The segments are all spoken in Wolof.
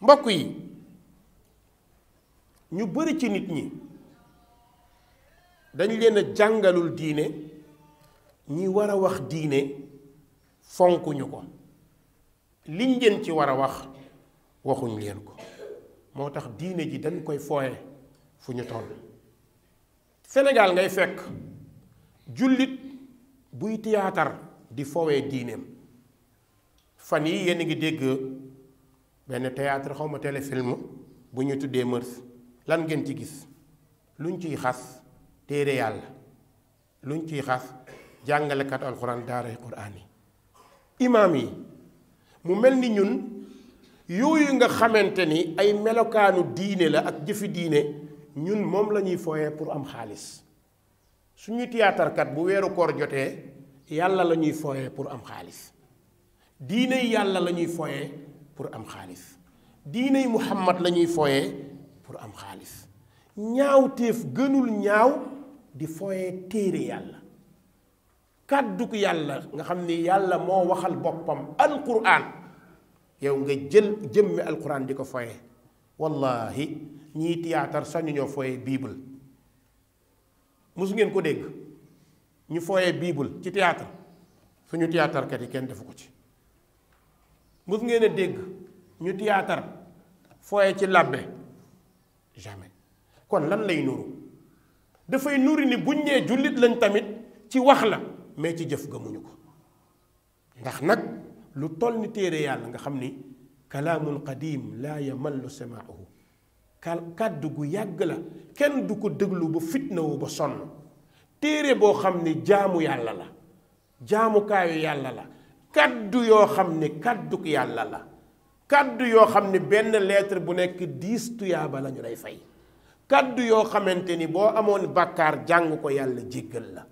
mbokk yi ñu bari ci nit ñi dañ leen a jàngalul diine ñi war a wax diine fonkuñu ko liñ leen ci war a wax waxuñ leen ko moo tax diine ji dañ koy fooye fu ñu toll senegal ngay fekk jullit buy tiyaatar di fowee diineem fan yi yéen a ngi dégg benn théâtre xaw ma téléfilm bu ñu tuddee mërs lan ngeen ci gis luñ ciy xas téere yàlla luñ ciy xas jàngalekat alxuraan daaray quraan yi imaam yi mu mel ni ñun yooyu nga xamante ni ay melokaanu diine la ak jëfi diine ñun moom lañuy ñuy fooyee pour am xaalis su suñu tiyaatarkat bu weeru koor jotee yàlla la ñuy fooyee pour am xaalis diine yàlla la ñuy fooyee pour am xaalis diiney muhammad la ñuy fooyee pour am xaalis ñaawteef gënul ñaaw di fooyee téere yàlla kàdduk yàlla nga xam ni yàlla moo waxal boppam alquran yow nga jël jëmmi alquran di ko fooyee wallahi ñii théâtre sañu ñoo fooyee bible mosu ngeen ko dégg ñu fooyee biibul ci théâtre suñu théâtre kat kenn defu ko ci mës ngeen a dégg ñu théâtre fooye ci làbbe jamais kon lan lay nuru dafay nuru ni buñ nee jullit lañ tamit ci wax la mais ci jëf gëmuñu ko ndax nag lu toll ni téere yàlla nga xam ni kalaamun qadim laa yamallu samaahu kàddu gu yàgg la kenn du ko déglu ba fitnawu ba sonn téere boo xam ni jaamu yàlla la jaamukaayu yàlla la kaddu yoo xam ne kadduk yàlla la kaddu yoo xam ne benn lettre bu nekk dix tuyaaba lañu ñu lay fay kaddu yoo xamante ni boo amoon bàkkaar jàng ko yàlla jéggal la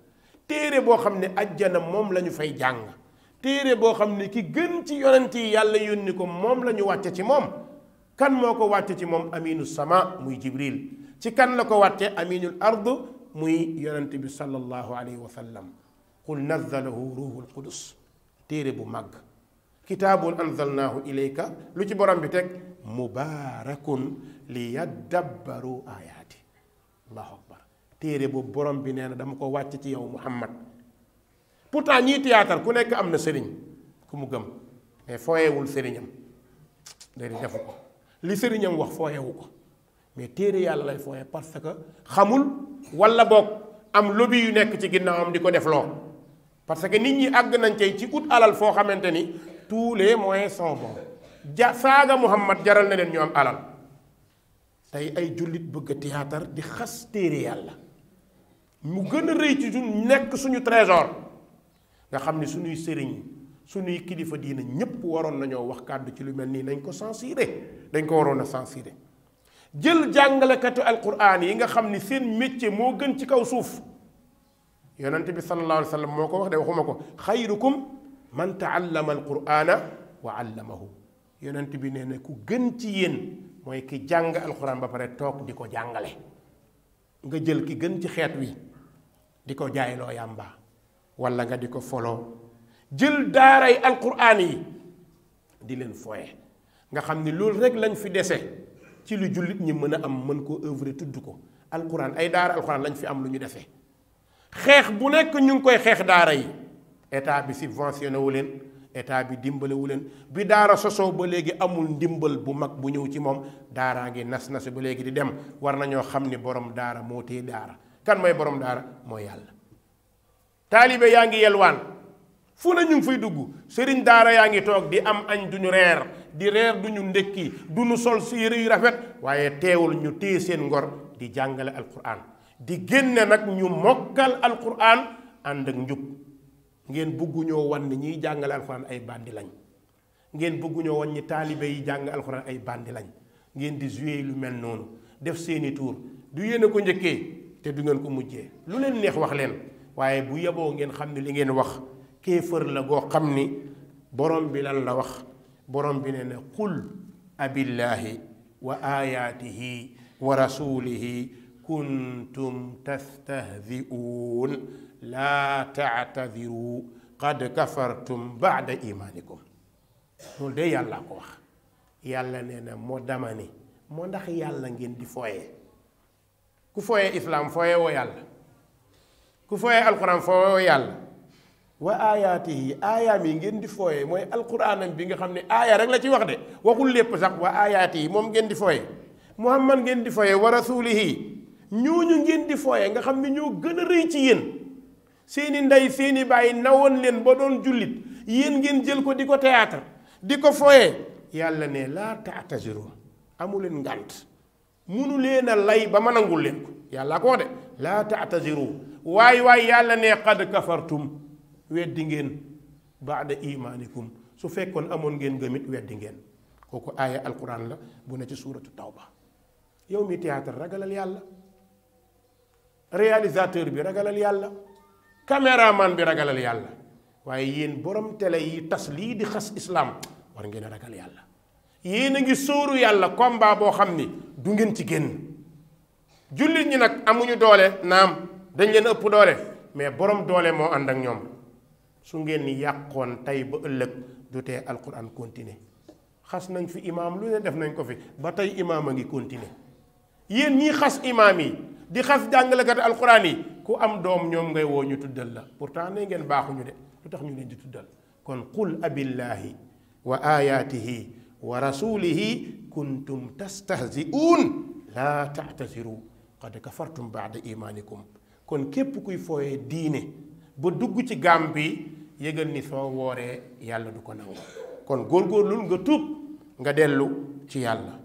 téere boo xam ne ajjana moom lañu fay jàng téere boo xam ne ki gën ci yonent yi yàlla yónni ko moom la ñu wàcce ci moom kan moo ko wàcce ci moom aminu sama muy jibril ci kan la ko wàcce aminul ard muy yonent bi sallallahu alayhi wa sallam qul nazalahu ruhul qudus téere bu màgg kitaabun anzalnaahu ilayka lu ci borom bi teg mubaarakun li ayaati allahu akbar téere boobu borom bi nee na dama ko wàcc ci yow muhammad pourtant ñii théâtre ku nekk am na sëriñ ku mu gëm mais fooyewul sëriñam day defu ko li sëriñam wax fooyewu ko mais téere yàlla lay fooye parce que xamul walla boog am lobby yu nekk ci ginnaawam di ko def loo parce que nit ñi àgg nañ tey ci ut alal foo xamante ni tous les moyens sont bons ja saaga Muhammad jaral na leen ñu am alal tey ay jullit bëgg a di xas téere yàlla mu gën a rëy ci suñ nekk suñu trésor nga xam ni suñuy sëriñ suñuy kilifa diina ñépp waroon nañoo wax kàddu ci lu mel nii nañ ko censuré dañ ko waroon a censuré jël jàngalekatu alquran yi nga xam ni seen métier moo gën ci kaw suuf yonent bi sallallahu alayhi wa moo ko wax de waxuma ko xayrukum man taallama alqur'ana wa allamahu yonent bi nee na ku gën ci yéen mooy ki jàng alxuraan ba pare toog di ko jàngale nga jël ki gën ci xeet wi di ko jaayloo yàmba wala nga di ko foloo jël daaray alquran yi di leen foye nga xam ni loolu rek lañ fi dese ci lu jullit ñi mën a am mën koo œuvre tudd ko alquran ay daara alquran lañ fi am lu ñu dese xeex bu nekk ñu ngi koy xeex daara yi état bi subventionné wu leen état bi dimbalewu leen bi daara sosoo ba léegi amul ndimbal bu mag bu ñëw ci moom daaraa ngi nas nasi ba léegi di dem war ñoo xam ni boroom daara moo téye daara kan mooy boroom daara mooy yàlla. taalibe yaa ngi yelwaan fu na ñu ngi fay dugg sëriñ daara yaa ngi toog di am añ duñu reer di reer duñu ndékki duñu sol si yére yu rafet waaye teewul ñu téye seen ngor di jàngale alquran. di génne nag ñu mokkal alquran ànd ak njub ngeen bëgguñoo wan ni ñiy jàngale alquran ay bandi lañ ngeen bëgguñoo wan ñi taalibe yi jàng alquran ay bandi lañ ngeen di jouer lu mel noonu def seeni tuur du yéen ko njëkkee te du ngeen ko mujjee lu leen neex wax leen waaye bu yeboo ngeen xam ne li ngeen wax kéefër la goo xam ni borom bi lan la wax borom bi nee na qul abillahi wa ayatihi wa rasulihi kuntum tastahzi'uun laa ta'tadiru qad kafartum ba'da imaanikum loolu de yàlla ko wax yàlla nee na moo dama ni moo ndax yàlla ngeen di fooyee ku fooyee islaam fooyee woo yàlla ku fooyee alquran fooyee woo yàlla wa aayaatihi aayaam yi ngeen di fooyee mooy alquranam bi nga xam ne aaya rek la ci wax de waxul lépp sax wa aayaatihi moom ngeen di fooyee muhammad ngeen di fooyee wa rasuulihi ñooñu ngeen di fooye nga xam ne ñoo gën a rëy ci yéen seeni ndey seeni bàyyi nawoon leen ba doon jullit yéen ngeen jël ko di ko théâtre di ko fooye yàlla ne laa taataziru amu leen ngànt munu leen a lay ba ma nangu leen ko yàlla ko wax de laa taataziru waay waay yàlla ne qad kafartum weddi ngeen baada imaanikum su fekkoon amoon ngeen ngëmit weddi ngeen kooku aaya alquran la bu ne ci suuratu taw tawba yow mi théâtre ragalal yàlla réalisateur bi ragalal yàlla caméraman bi ragalal yàlla waaye yéen borom télé yi tas lii di xas islaam war ngeen a ragal yàlla yéen a ngi sooru yàlla combat boo xam ni du ngeen ci génn jullit ñi nag amuñu doole naam dañ leen ëpp doole mais borom doole moo ànd ak ñoom su ngeen yàqoon tey ba ëllëg du tee alquran continuer xas nañ fi imaam lu ne def nañ ko fi ba tey imaam a ngi continuer yéen ñii xas imaam yi di xas jàngalekati alxuraan yi ku am doom ñoom ngay woo ñu tuddal la pourtant ne ngeen baaxuñu de lu tax ñu leen di tuddal kon qul abillaahi wa ayaatihi wa rasulihi kuntum tastahzi'uun laa taatasiru qad kafartum baada imaanikum kon képp kuy fooyee diine ba dugg ci gaam bi yëgal ni soo wooree yàlla du ko nangu kon góor góorgóorlul nga tub nga dellu ci yàlla